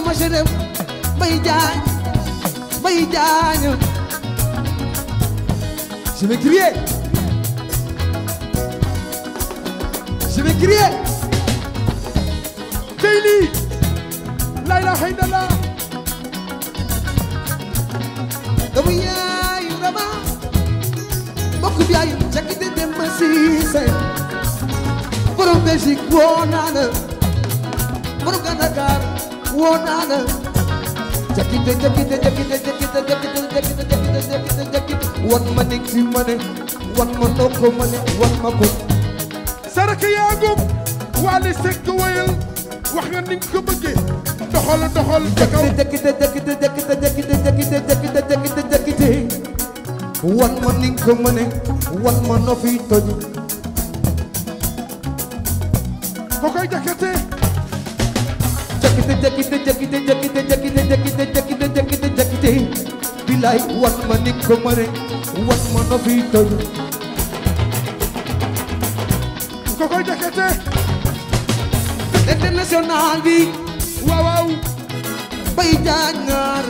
dama si dem bay jaañ bay jaañ je vais yaayu dama mbokk dem ma borom Belgique woo naa la borom Canada woo naa la jakite jakite jakite jakite jakite jakite jakite jakite jakite wan ma nekk si ma ne wan ma toog ko ma ne wan ma ko saraka yaa góob Wally Seck woyal wax nga ni nga ko bëggee doxal doxal jakaw jakite jakite jakite jakite jakite jakite jakite jakite wan ma ni nga ko ma ne wan ma noo fi toj ko jakite jakite jakite jakite jakite jakite jakite jakite jakite bilaay wat ma ni ko mare wat ma no fi toj ko koy jakite international bi waaw waaw bay jangar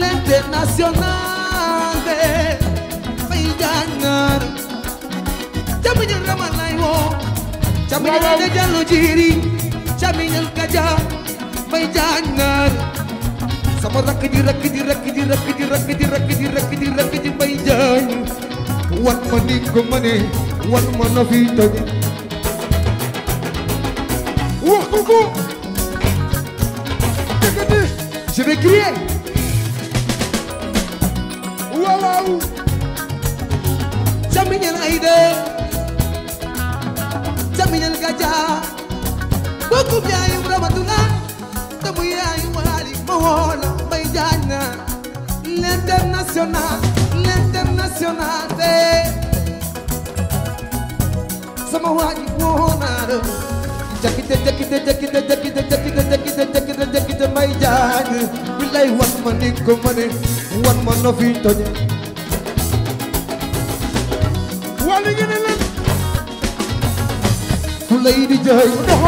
l'international de bay jangar jamu jamu ramalay wo jamu jamu de jallo jiri camiñal ka jaa may a naar sama rakk ji rakk ji rakk ji rakk ji rakk ji may jaañ wan ma ni ko ma ne ma na fi toj wax ko ko dégg je vais crier waaw waaw camiñal ay dee l'international l'international sama waa ji woo naa la jakite jakite jakite jakite jakite jakite jakite jakite may jaaj bilay wan ma ni ko ma ne wan ma no fi toñe wali ngene leen fu lay di jooy